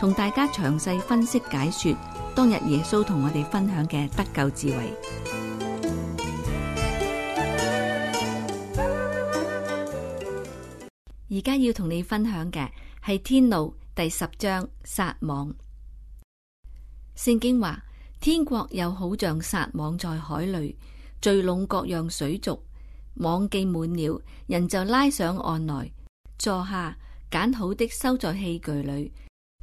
同大家詳細分析解說當日耶穌同我哋分享嘅得救智慧。而家要同你分享嘅係《天路》第十章撒網。聖經話：天國又好像撒網在海裏聚攏各樣水族，網既滿了，人就拉上岸來坐下，揀好的收在器具裏。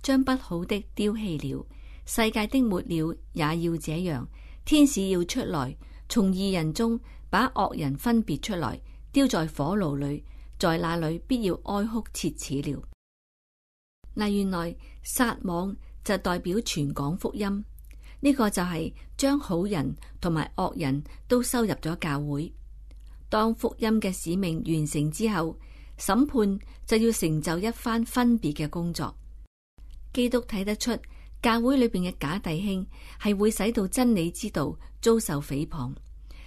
將不好的丟棄了，世界的末了也要這樣。天使要出來，從義人中把惡人分別出來，丟在火爐裏，在那裏必要哀哭切齒了。嗱，原來撒網就代表傳講福音，呢個就係將好人同埋惡人都收入咗教會。當福音嘅使命完成之後，審判就要成就一番分別嘅工作。基督睇得出教會裏邊嘅假弟兄係會使到真理之道遭受誹謗，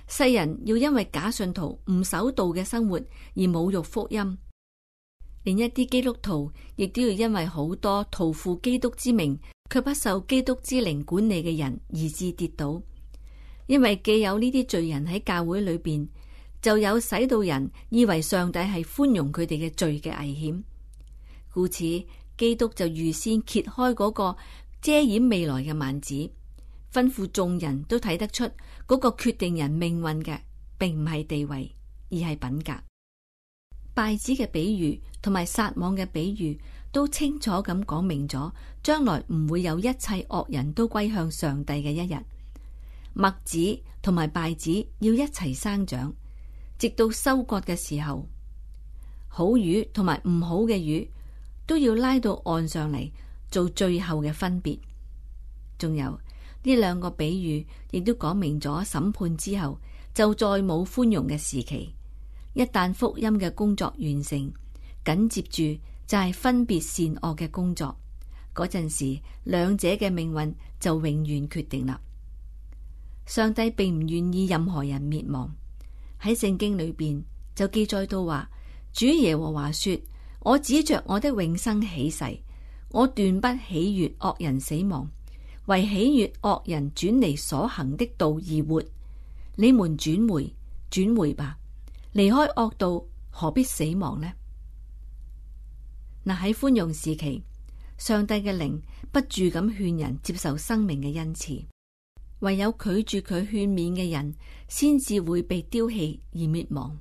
世人要因為假信徒唔守道嘅生活而侮辱福音，另一啲基督徒亦都要因為好多徒附基督之名卻不受基督之靈管理嘅人而致跌倒，因為既有呢啲罪人喺教會裏邊，就有使到人以為上帝係寬容佢哋嘅罪嘅危險，故此。基督就預先揭開嗰個遮掩未來嘅幔子，吩咐眾人都睇得出嗰、那個決定人命運嘅，並唔係地位，而係品格。稗子嘅比喻同埋撒網嘅比喻，都清楚咁講明咗，將來唔會有一切惡人都歸向上帝嘅一日。麥子同埋稗子要一齊生長，直到收割嘅時候，好魚同埋唔好嘅魚。都要拉到岸上嚟做最後嘅分別，仲有呢兩個比喻，亦都講明咗審判之後就再冇寬容嘅時期。一旦福音嘅工作完成，緊接住就係分別善惡嘅工作。嗰陣時兩者嘅命運就永遠決定啦。上帝並唔願意任何人滅亡，喺聖經裏邊就記載到話，主耶和華說。我指着我的永生起誓，我斷不喜悦惡人死亡，為喜悦惡人轉離所行的道而活。你們轉回，轉回吧！離開惡道，何必死亡呢？嗱，喺寬容時期，上帝嘅靈不住咁勸人接受生命嘅恩賜，唯有拒絕佢勸勉嘅人，先至會被丟棄而滅亡。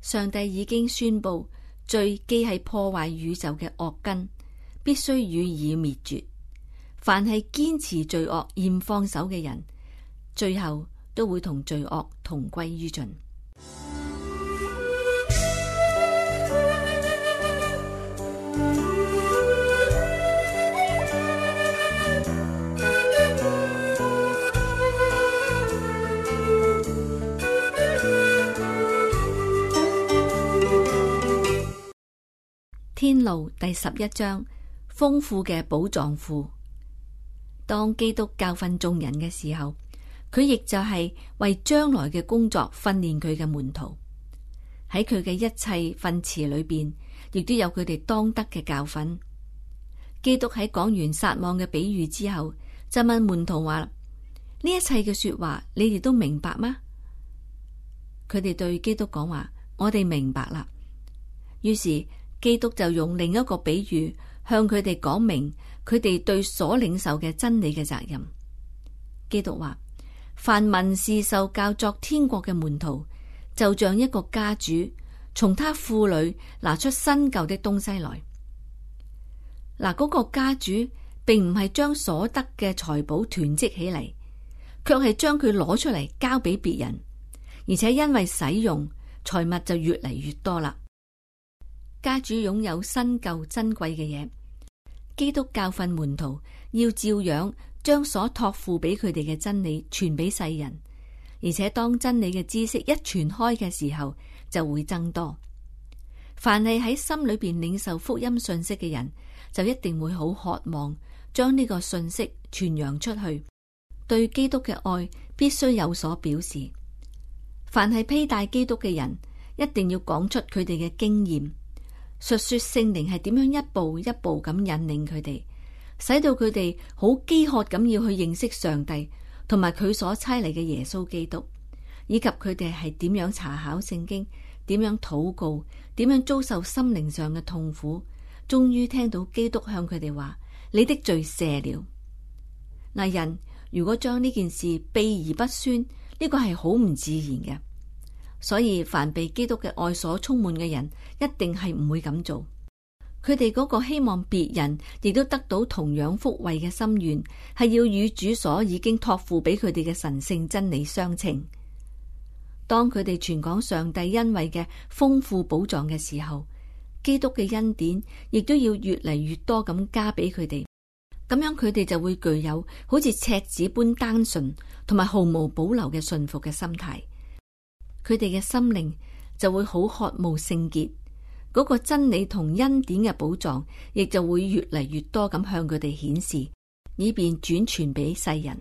上帝已經宣布。罪既係破壞宇宙嘅惡根，必須予以滅絕。凡係堅持罪惡、厭放手嘅人，最後都會同罪惡同歸於盡。天路第十一章，豐富嘅寶藏庫。當基督教訓眾人嘅時候，佢亦就係為將來嘅工作訓練佢嘅門徒。喺佢嘅一切訓詞裏邊，亦都有佢哋當得嘅教訓。基督喺講完撒網嘅比喻之後，就問門徒話：呢一切嘅說話，你哋都明白嗎？佢哋對基督講話，我哋明白啦。於是。基督就用另一個比喻向佢哋講明佢哋對所領受嘅真理嘅責任。基督話：凡民事受教作天國嘅門徒，就像一個家主，從他庫裡拿出新舊的東西來。嗱，嗰個家主並唔係將所得嘅財寶囤積起嚟，卻係將佢攞出嚟交俾別人，而且因為使用，財物就越嚟越多啦。家主擁有新舊珍貴嘅嘢。基督教訓門徒要照樣將所託付俾佢哋嘅真理傳俾世人，而且當真理嘅知識一傳開嘅時候，就會增多。凡係喺心裏面領受福音信息嘅人，就一定會好渴望將呢個信息傳揚出去。對基督嘅愛必須有所表示。凡係披戴基督嘅人，一定要講出佢哋嘅經驗。述說聖靈係點樣一步一步咁引領佢哋，使到佢哋好飢渴咁要去認識上帝，同埋佢所差嚟嘅耶穌基督，以及佢哋係點樣查考聖經，點樣禱告，點樣遭受心靈上嘅痛苦，終於聽到基督向佢哋話：「你的罪赦了。」嗱，人如果將呢件事秘而不宣，呢個係好唔自然嘅。所以，凡被基督嘅愛所充滿嘅人，一定係唔會咁做。佢哋嗰個希望別人亦都得到同樣福惠嘅心願，係要與主所已經托付俾佢哋嘅神聖真理相稱。當佢哋傳講上帝恩惠嘅豐富寶藏嘅時候，基督嘅恩典亦都要越嚟越多咁加俾佢哋。咁樣佢哋就會具有好似赤子般單純，同埋毫無保留嘅信服嘅心態。佢哋嘅心靈就會好渴慕聖潔，嗰個真理同恩典嘅寶藏，亦就會越嚟越多咁向佢哋顯示，以便轉傳俾世人。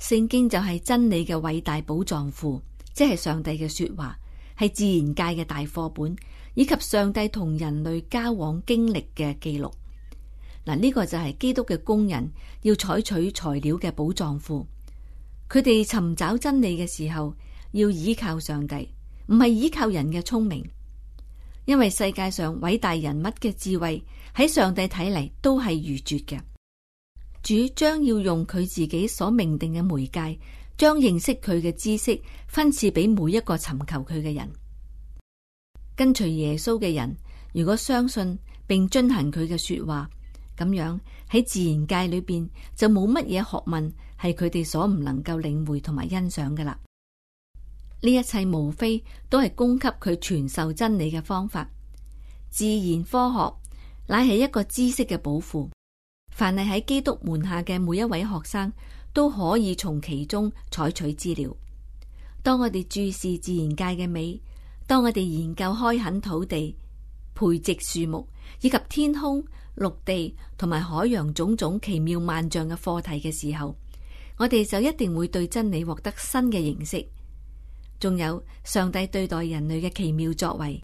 聖經就係真理嘅偉大寶藏庫，即係上帝嘅說話，係自然界嘅大課本，以及上帝同人類交往經歷嘅記錄。嗱，呢個就係基督嘅工人要採取材料嘅寶藏庫。佢哋尋找真理嘅時候，要依靠上帝，唔係依靠人嘅聰明，因為世界上偉大人物嘅智慧喺上帝睇嚟都係愚拙嘅。主將要用佢自己所命定嘅媒介，將認識佢嘅知識分賜俾每一個尋求佢嘅人。跟隨耶穌嘅人，如果相信並遵行佢嘅說話，咁樣喺自然界裏邊就冇乜嘢學問係佢哋所唔能夠領會同埋欣賞嘅啦。呢一切無非都係供給佢傳授真理嘅方法。自然科學乃係一個知識嘅寶庫。凡係喺基督門下嘅每一位學生都可以從其中採取資料。當我哋注視自然界嘅美，當我哋研究開墾土地、培植樹木以及天空、陸地同埋海洋種種奇妙萬象嘅課題嘅時候，我哋就一定會對真理獲得新嘅認識。仲有上帝對待人類嘅奇妙作為，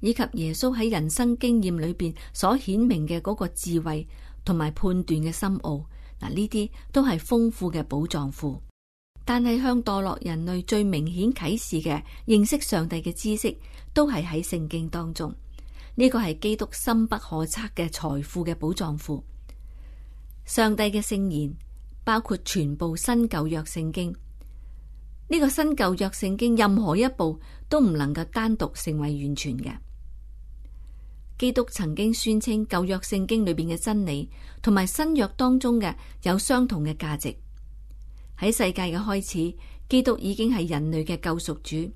以及耶穌喺人生經驗裏邊所顯明嘅嗰個智慧同埋判斷嘅深奧，嗱，呢啲都係豐富嘅寶藏庫。但係向墮落人類最明顯啟示嘅認識上帝嘅知識，都係喺聖經當中。呢、呢個係基督深不可測嘅財富嘅寶藏庫。上帝嘅聖言包括全部新舊約聖經。呢、個新舊約聖經任何一部都唔能夠單獨成為完全嘅。基督曾經宣稱舊約聖經裏邊嘅真理同埋新約當中嘅有相同嘅價值。喺世界嘅開始，基督已經係人類嘅救贖主，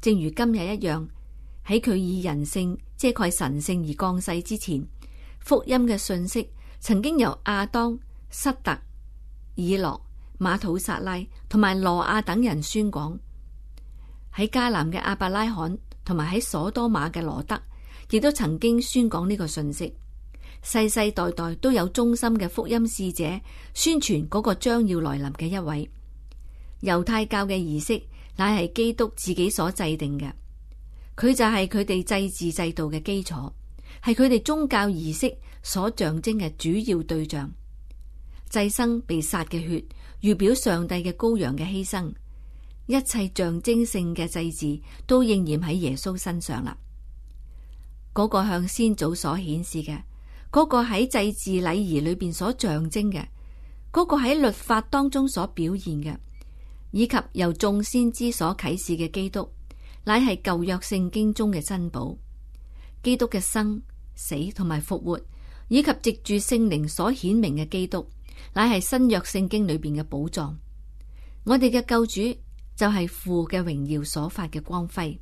正如今日一樣。喺佢以人性遮蓋神性而降世之前，福音嘅信息曾經由亞當、塞特、以諾、馬土撒拉同埋羅亞等人宣講。喺加南嘅阿伯拉罕，同埋喺所多瑪嘅羅德，亦都曾經宣講呢個訊息。世世代代都有忠心嘅福音使者宣傳嗰個將要來臨嘅一位。猶太教嘅儀式乃係基督自己所制定嘅，佢就係佢哋祭祀制度嘅基礎，係佢哋宗教儀式所象徵嘅主要對象。祭生被殺嘅血，預表上帝嘅羔羊嘅犧牲，一切象徵性嘅祭祀都應驗喺耶穌身上啦。嗰個向先祖所顯示嘅，嗰個喺祭祀禮儀裏邊所象徵嘅，嗰個喺律法當中所表現嘅，以及由眾先知所啟示嘅基督，乃係舊約聖經中嘅珍寶。基督嘅生、死同埋復活，以及藉住聖靈所顯明嘅基督，乃係新約聖經裏邊嘅寶藏，我哋嘅救主就係父嘅榮耀所發嘅光輝，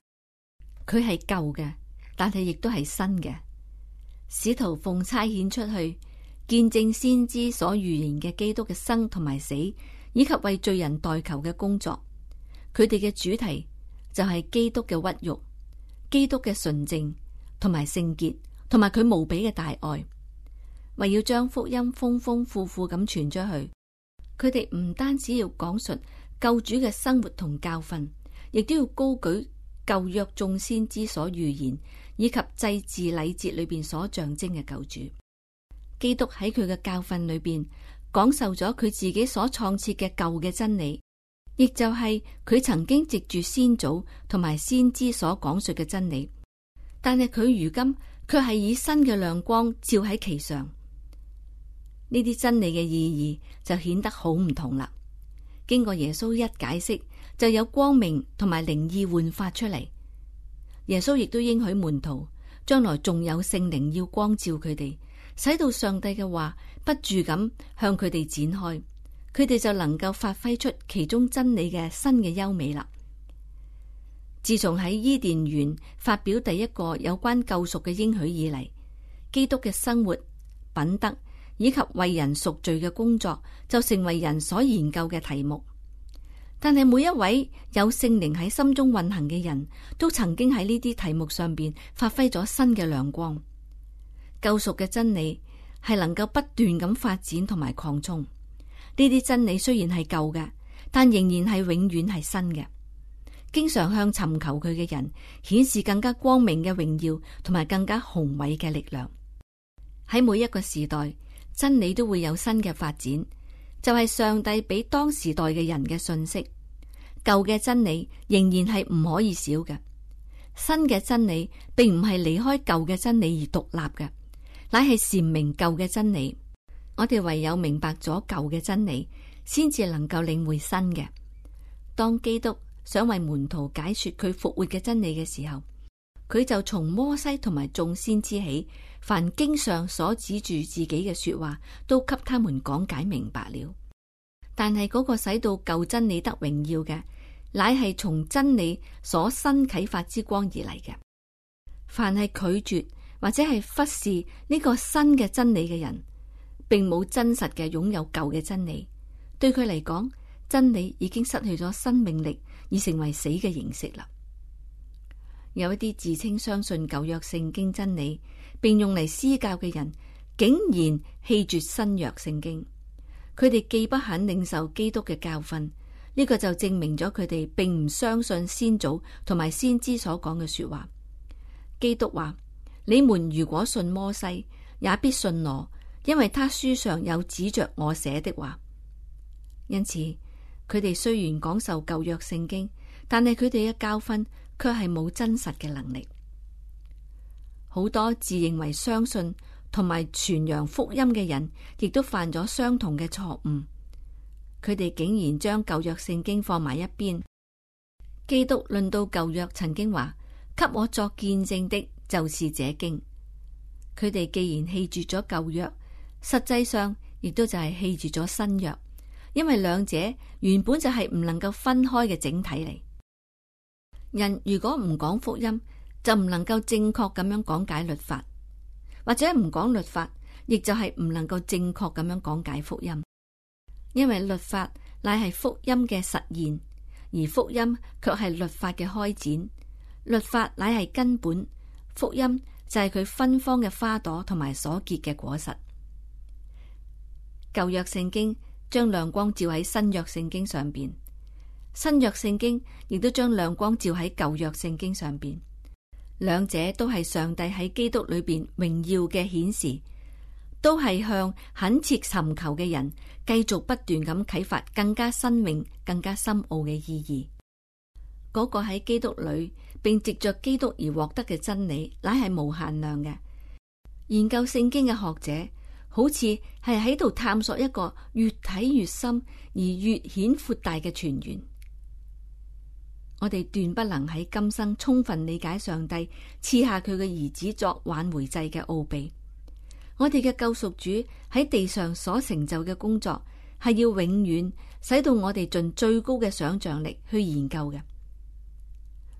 佢係舊嘅，但係亦都係新嘅。使徒奉差遣出去見證先知所預言嘅基督嘅生同埋死，以及為罪人代求嘅工作。佢哋嘅主題就係基督嘅屈辱、基督嘅純正，同埋聖潔，同埋佢無比嘅大愛。為要將福音豐豐富富咁傳出去，佢哋唔單止要講述救主嘅生活同教訓，亦都要高舉舊約眾先知所預言以及祭祀禮節裏邊所象徵嘅救主基督。喺佢嘅教訓裏邊講授咗佢自己所創設嘅舊嘅真理，亦就係佢曾經藉住先祖同埋先知所講述嘅真理，但係佢如今卻係以新嘅亮光照喺其上。呢啲真理嘅意義就顯得好唔同啦。經過耶穌一解釋，就有光明同埋靈意煥發出嚟。耶穌亦都應許門徒，將來仲有聖靈要光照佢哋，使到上帝嘅話不住咁向佢哋展開，佢哋就能夠發揮出其中真理嘅新嘅優美啦。自從喺伊甸園發表第一個有關救贖嘅應許以嚟，基督嘅生活品德。以及為人贖罪嘅工作就成為人所研究嘅題目。但係每一位有聖靈喺心中運行嘅人，都曾經喺呢啲題目上邊發揮咗新嘅亮光。救贖嘅真理係能夠不斷咁發展同埋擴充。呢啲真理雖然係舊嘅，但仍然係永遠係新嘅。經常向尋求佢嘅人顯示更加光明嘅榮耀同埋更加宏偉嘅力量。喺每一個時代，真理都會有新嘅發展，就係、是、上帝俾當時代嘅人嘅信息。舊嘅真理仍然係唔可以少嘅，新嘅真理並唔係離開舊嘅真理而獨立嘅，乃係闡明舊嘅真理。我哋唯有明白咗舊嘅真理，先至能夠領會新嘅。當基督想為門徒解說佢復活嘅真理嘅時候，佢就從摩西同埋眾先知起。凡經上所指住自己嘅說話，都給他們講解明白了。但係嗰個使到舊真理得榮耀嘅，乃係從真理所新啟發之光而來嘅。凡係拒絕或者係忽視呢個新嘅真理嘅人，並冇真實嘅擁有舊嘅真理。對佢嚟講，真理已經失去咗生命力，而成為死嘅形式啦。有一啲自稱相信舊約聖經真理，並用嚟施教嘅人，竟然棄絕新約聖經。佢哋既不肯領受基督嘅教訓，呢、這個就證明咗佢哋並唔相信先祖同埋先知所講嘅說話。基督話：你們如果信摩西，也必信我，因為他書上有指着我寫的話。因此，佢哋雖然講受舊約聖經，但係佢哋嘅教訓。佢卻係冇真實嘅能力，好多自認為相信同埋傳揚福音嘅人，亦都犯咗相同嘅錯誤。佢哋竟然將舊約聖經放埋一邊。基督論到舊約曾經話：「給我作見證的，就是這經。」佢哋既然棄絕咗舊約，實際上亦都就係棄絕咗新約，因為兩者原本就係唔能夠分開嘅整體嚟。人如果唔講福音，就唔能夠正確咁樣講解律法；或者唔講律法，亦就係唔能夠正確咁樣講解福音。因為律法乃係福音嘅實現，而福音卻係律法嘅開展。律法乃係根本，福音就係佢芬芳嘅花朵同埋所結嘅果實。舊約聖經將亮光照喺新約聖經上邊。新約聖經亦都將亮光照喺舊約聖經上邊，兩者都係上帝喺基督裏邊榮耀嘅顯示，都係向懇切尋求嘅人繼續不斷咁啟發更加新穎、更加深奧嘅意義。嗰個喺基督裏並藉着基督而獲得嘅真理，乃係無限量嘅。研究聖經嘅學者好似係喺度探索一個越睇越深而越顯闊大嘅泉源。我哋斷不能喺今生充分理解上帝賜下佢嘅兒子作挽回祭嘅奧秘。我哋嘅救贖主喺地上所成就嘅工作，係要永遠使到我哋盡最高嘅想象力去研究嘅。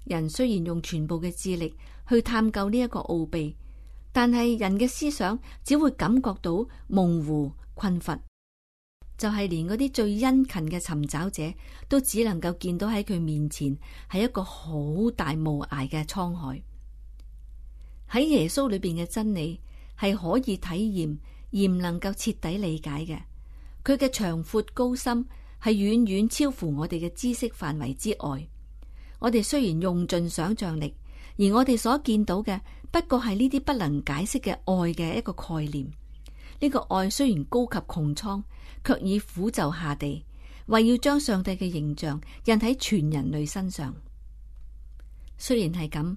人雖然用全部嘅智力去探究呢一個奧秘，但係人嘅思想只會感覺到模糊困乏。就係、是、連嗰啲最殷勤嘅尋找者，都只能夠見到喺佢面前係一個好大無涯嘅滄海。喺耶穌裏邊嘅真理係可以體驗，而唔能夠徹底理解嘅。佢嘅長闊高深係遠遠超乎我哋嘅知識範圍之外。我哋雖然用盡想象力，而我哋所見到嘅不過係呢啲不能解釋嘅愛嘅一個概念。呢個愛雖然高及穹蒼，卻以苦就下地，為要將上帝嘅形象印喺全人類身上。雖然係咁，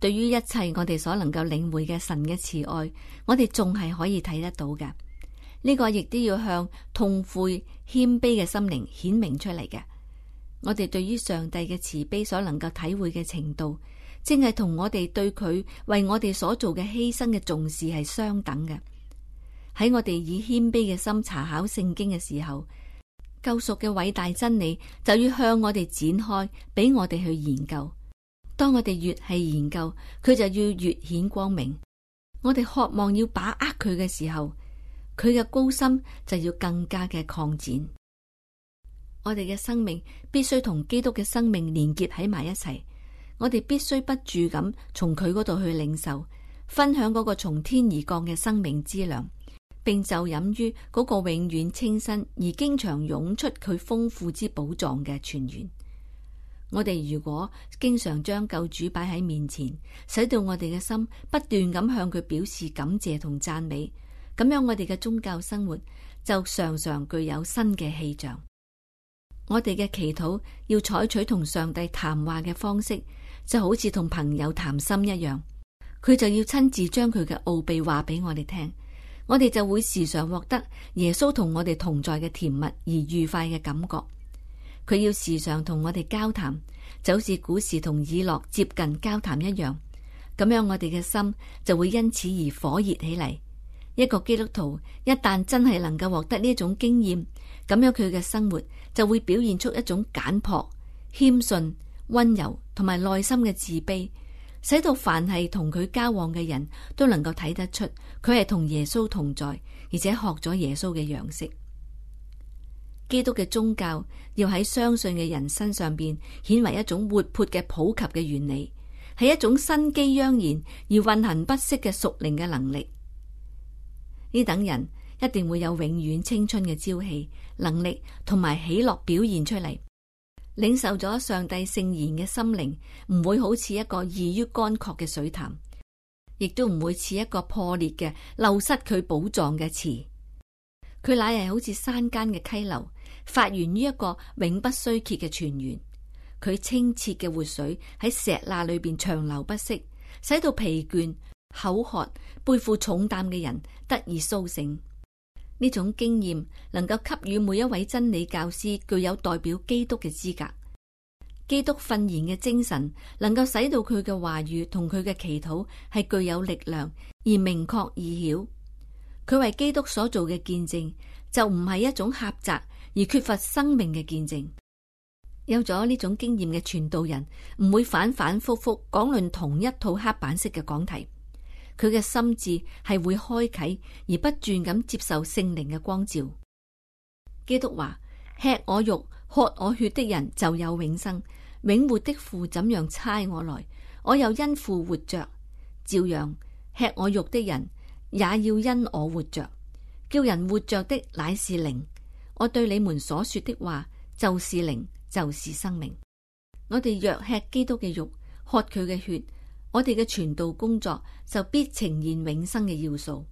對於一切我哋所能夠領會嘅神嘅慈愛，我哋仲係可以睇得到嘅。呢個亦都要向痛悔謙卑嘅心靈顯明出嚟嘅。我哋對於上帝嘅慈悲所能夠體會嘅程度，正係同我哋對佢為我哋所做嘅犧牲嘅重視係相等嘅。喺我哋以謙卑嘅心查考聖經嘅時候，救贖嘅偉大真理就要向我哋展開，俾我哋去研究。當我哋越係研究，佢就要越顯光明。我哋渴望要把握佢嘅時候，佢嘅高深就要更加嘅擴展。我哋嘅生命必須同基督嘅生命連結喺埋一齊。我哋必須不住咁從佢嗰度去領受，分享嗰個從天而降嘅生命之糧。並就飲於嗰個永遠清新而經常湧出佢豐富之寶藏嘅泉源。我哋如果經常將救主擺喺面前，使到我哋嘅心不斷咁向佢表示感謝同讚美，咁樣我哋嘅宗教生活就常常具有新嘅氣象。我哋嘅祈禱要採取同上帝談話嘅方式，就好似同朋友談心一樣，佢就要親自將佢嘅奧秘話俾我哋聽。我哋就會時常獲得耶穌同我哋同在嘅甜蜜而愉快嘅感覺。佢要時常同我哋交談，就好似古時同以諾接近交談一樣。咁樣我哋嘅心就會因此而火熱起嚟。一個基督徒一旦真係能夠獲得呢種經驗，咁樣佢嘅生活就會表現出一種簡樸、謙遜、溫柔同埋內心嘅自卑。使到凡係同佢交往嘅人都能夠睇得出，佢係同耶穌同在，而且學咗耶穌嘅樣式。基督嘅宗教要喺相信嘅人身上邊顯為一種活潑嘅普及嘅原理，係一種生機盎然而運行不息嘅屬靈嘅能力。呢等人一定會有永遠青春嘅朝氣能力同埋喜樂表現出嚟。領受咗上帝聖言嘅心靈，唔會好似一個易於乾涸嘅水潭，亦都唔會似一個破裂嘅漏失佢寶藏嘅池。佢乃係好似山間嘅溪流，發源於一個永不衰竭嘅泉源。佢清澈嘅活水喺石罅裏邊長流不息，使到疲倦、口渴、背負重擔嘅人得以甦醒。呢種經驗能夠給予每一位真理教師具有代表基督嘅資格。基督訓言嘅精神能夠使到佢嘅話語同佢嘅祈禱係具有力量而明確易曉。佢為基督所做嘅見證就唔係一種狹窄而缺乏生命嘅見證。有咗呢種經驗嘅傳道人唔會反反复覆講論同一套黑板式嘅講題。佢嘅心智係會開啟而不斷咁接受聖靈嘅光照。基督話：吃我肉，喝我血的人就有永生，永活的父怎樣差我來，我又因父活着，照樣吃我肉的人也要因我活着。叫人活着的乃是靈，我對你們所說的話就是靈，就是生命。我哋若吃基督嘅肉，喝佢嘅血。我哋嘅傳道工作就必呈現永生嘅要素，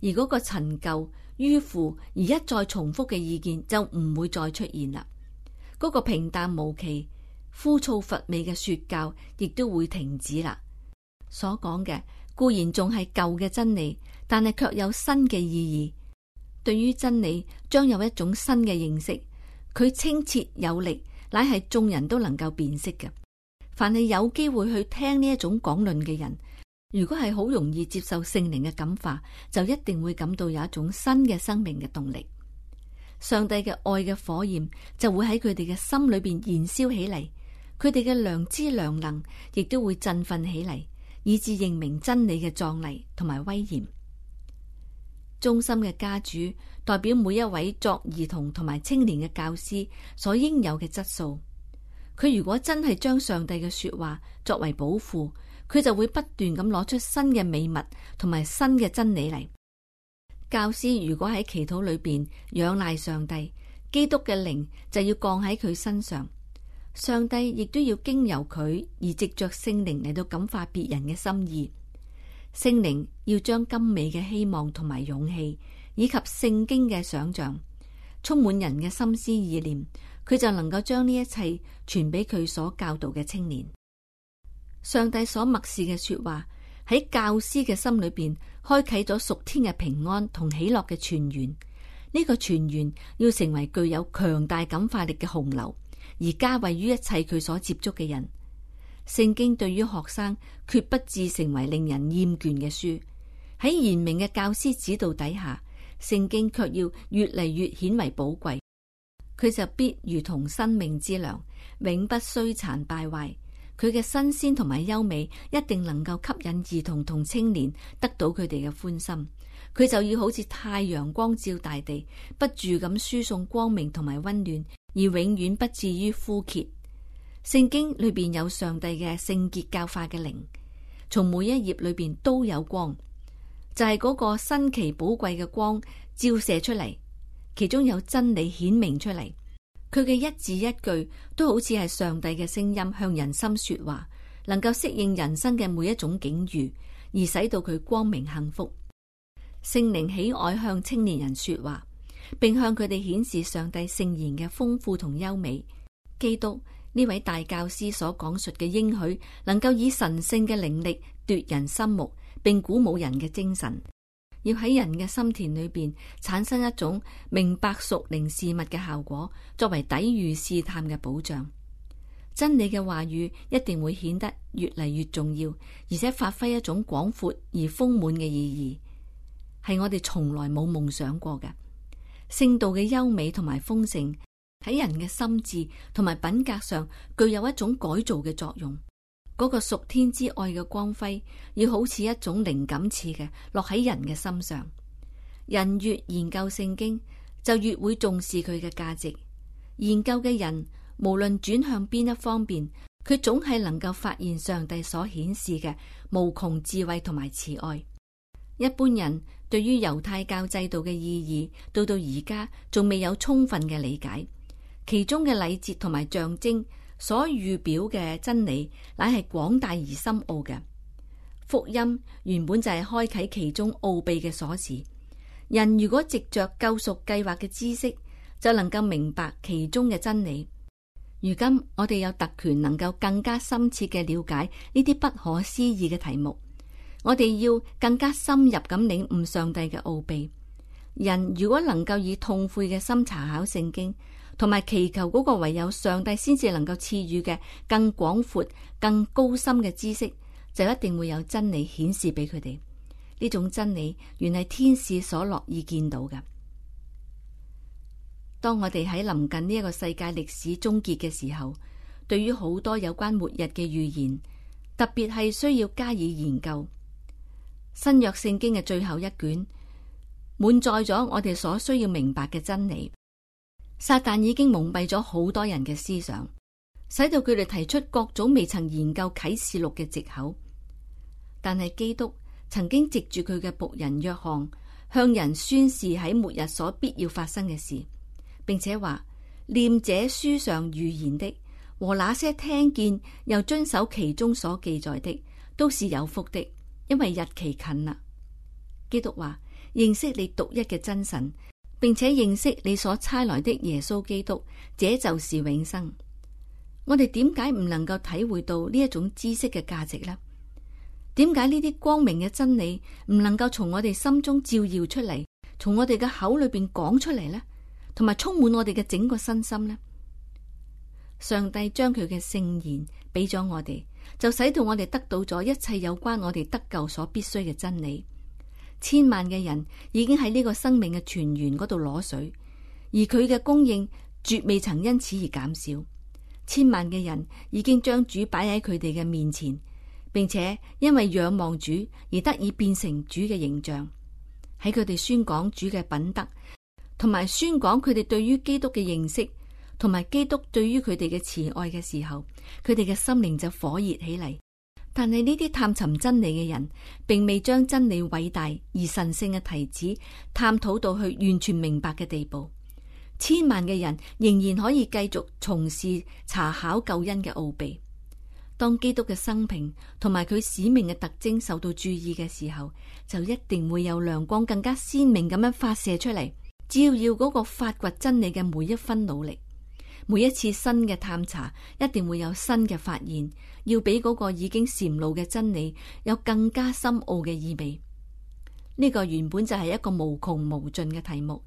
而嗰個陳舊迂腐而一再重複嘅意見就唔會再出現啦。嗰個平淡無奇、枯燥乏味嘅說教亦都會停止啦。所講嘅固然仲係舊嘅真理，但係卻有新嘅意義。對於真理，將有一種新嘅認識。佢清澈有力，乃係眾人都能夠辨識嘅。凡係有機會去聽呢一種講論嘅人，如果係好容易接受聖靈嘅感化，就一定會感到有一種新嘅生命嘅動力。上帝嘅愛嘅火焰就會喺佢哋嘅心裏面燃燒起嚟，佢哋嘅良知良能亦都會振奮起嚟，以致認明真理嘅壯麗同埋威嚴。忠心嘅家主代表每一位作兒童同埋青年嘅教師所應有嘅質素。佢如果真係將上帝嘅說話作為寶庫，佢就會不斷咁攞出新嘅美物同埋新嘅真理嚟。教師如果喺祈禱裏邊仰賴上帝，基督嘅靈就要降喺佢身上，上帝亦都要經由佢而藉着聖靈嚟到感化別人嘅心意。聖靈要將甘美嘅希望同埋勇氣，以及聖經嘅想象，充滿人嘅心思意念。佢就能夠將呢一切傳俾佢所教導嘅青年。上帝所默示嘅說話喺教師嘅心裏邊開啟咗屬天嘅平安同喜樂嘅泉源。呢、這個泉源要成為具有強大感化力嘅洪流，而加位於一切佢所接觸嘅人。聖經對於學生絕不至成為令人厭倦嘅書。喺賢明嘅教師指導底下，聖經卻要越嚟越顯為寶貴。佢就必如同生命之糧，永不衰殘敗壞。佢嘅新鮮同埋優美，一定能夠吸引兒童同青年，得到佢哋嘅歡心。佢就要好似太陽光照大地，不住咁輸送光明同埋溫暖，而永遠不至於枯竭。聖經裏邊有上帝嘅聖潔教化嘅靈，從每一頁裏邊都有光，就係、是、嗰個新奇寶貴嘅光照射出嚟。其中有真理顯明出嚟，佢嘅一字一句都好似係上帝嘅聲音向人心說話，能夠適應人生嘅每一種境遇，而使到佢光明幸福。聖靈喜愛向青年人說話，並向佢哋顯示上帝聖言嘅豐富同優美。基督呢位大教師所講述嘅應許，能夠以神聖嘅靈力奪人心目，並鼓舞人嘅精神。要喺人嘅心田裏邊產生一種明白屬靈事物嘅效果，作為抵禦試探嘅保障。真理嘅話語一定會顯得越嚟越重要，而且發揮一種廣闊而豐滿嘅意義，係我哋從來冇夢想過嘅。聖道嘅優美同埋豐盛喺人嘅心智同埋品格上具有一種改造嘅作用。嗰、那個屬天之愛嘅光輝，要好似一種靈感似嘅落喺人嘅心上。人越研究聖經，就越會重視佢嘅價值。研究嘅人無論轉向邊一方面，佢總係能夠發現上帝所顯示嘅無窮智慧同埋慈愛。一般人對於猶太教制度嘅意義，到到而家仲未有充分嘅理解，其中嘅禮節同埋象徵。所預表嘅真理，乃係廣大而深奧嘅。福音原本就係開啟其中奧秘嘅鎖匙。人如果藉著救贖計劃嘅知識，就能夠明白其中嘅真理。如今我哋有特權能夠更加深切嘅了解呢啲不可思議嘅題目。我哋要更加深入咁領悟上帝嘅奧秘。人如果能夠以痛悔嘅心查考聖經，同埋祈求嗰個唯有上帝先至能夠賜予嘅更廣闊、更高深嘅知識，就一定會有真理顯示俾佢哋。呢種真理原係天使所樂意見到嘅。當我哋喺臨近呢一個世界歷史終結嘅時候，對於好多有關末日嘅預言，特別係需要加以研究。新約聖經嘅最後一卷，滿載咗我哋所需要明白嘅真理。撒旦已經蒙蔽咗好多人嘅思想，使到佢哋提出各種未曾研究啟示錄嘅借口。但係基督曾經藉住佢嘅僕人約翰向人宣示喺末日所必要發生嘅事，並且話念這書上預言的和那些聽見又遵守其中所記載的都是有福的，因為日期近啦。基督話：認識你獨一嘅真神。並且認識你所差來的耶穌基督，這就是永生。我哋點解唔能夠體會到呢一種知識嘅價值呢？點解呢啲光明嘅真理唔能夠從我哋心中照耀出嚟，從我哋嘅口裏邊講出嚟呢？同埋充滿我哋嘅整個身心呢？上帝將佢嘅聖言俾咗我哋，就使到我哋得到咗一切有關我哋得救所必須嘅真理。千萬嘅人已經喺呢個生命嘅泉源嗰度攞水，而佢嘅供應絕未曾因此而減少。千萬嘅人已經將主擺喺佢哋嘅面前，並且因為仰望主而得以變成主嘅形象。喺佢哋宣講主嘅品德，同埋宣講佢哋對於基督嘅認識，同埋基督對於佢哋嘅慈愛嘅時候，佢哋嘅心靈就火熱起嚟。但係呢啲探尋真理嘅人，並未將真理偉大而神聖嘅提子探討到去完全明白嘅地步。千萬嘅人仍然可以繼續從事查考救恩嘅奧秘。當基督嘅生平同埋佢使命嘅特徵受到注意嘅時候，就一定會有亮光更加鮮明咁樣發射出嚟，照耀嗰個發掘真理嘅每一分努力。每一次新嘅探查，一定會有新嘅發現，要俾嗰個已經禪露嘅真理有更加深奧嘅意味。呢個原本就係一個無窮無盡嘅題目，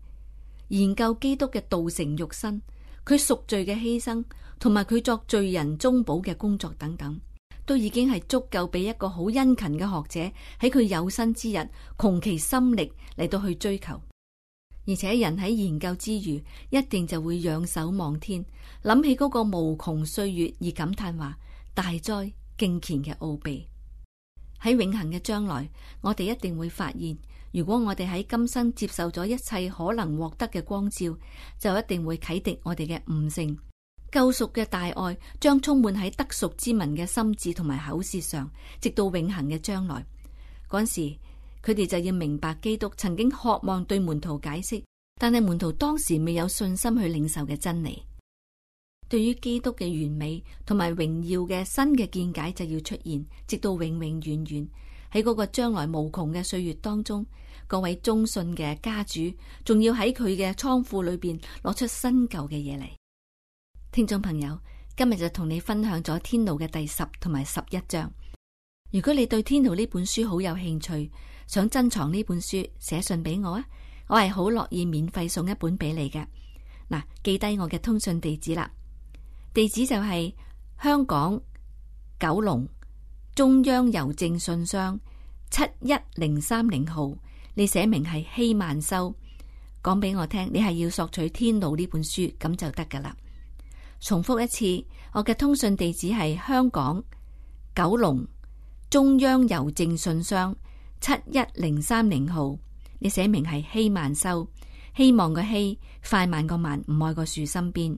研究基督嘅道成肉身，佢贖罪嘅犧牲，同埋佢作罪人中保嘅工作等等，都已經係足夠俾一個好殷勤嘅學者喺佢有生之日窮其心力嚟，到去追求。而且人喺研究之餘，一定就會仰首望天，諗起嗰個無窮歲月而感嘆話。大哉，敬虔嘅奧秘，喺永恆嘅將來，我哋一定會發現，如果我哋喺今生接受咗一切可能獲得嘅光照，就一定會啟迪我哋嘅悟性。救贖嘅大愛將充滿喺得贖之民嘅心智同埋口舌上，直到永恆嘅將來。嗰時，佢哋就要明白基督曾經渴望對門徒解釋，但係門徒當時未有信心去領受嘅真理。對於基督嘅完美同埋榮耀嘅新嘅見解就要出現，直到永永遠遠。喺嗰個將來無窮嘅歲月當中，各位忠信嘅家主仲要喺佢嘅倉庫裏邊攞出新舊嘅嘢嚟。聽眾朋友，今日就同你分享咗《天奴》嘅第十同埋十一章。如果你對《天奴》呢本書好有興趣，想珍藏呢本書，寫信俾我啊，我係好樂意免費送一本俾你嘅。嗱、啊，記低我嘅通訊地址啦。地址就係香港九龍中央郵政信箱七一零三零號，你寫明係希曼修，講俾我聽，你係要索取《天路》呢本書，咁就得噶啦。重複一次，我嘅通訊地址係香港九龍中央郵政信箱七一零三零號，你寫明係希曼修，希望個希快慢個慢唔愛個樹身邊。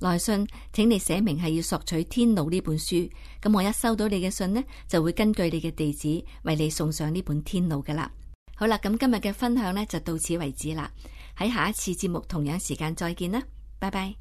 來信，請你寫明係要索取《天路》呢本書，咁我一收到你嘅信呢，就會根據你嘅地址為你送上呢本《天路》噶啦。好啦，咁今日嘅分享呢，就到此為止啦，喺下一次節目同樣時間再見啦，拜拜。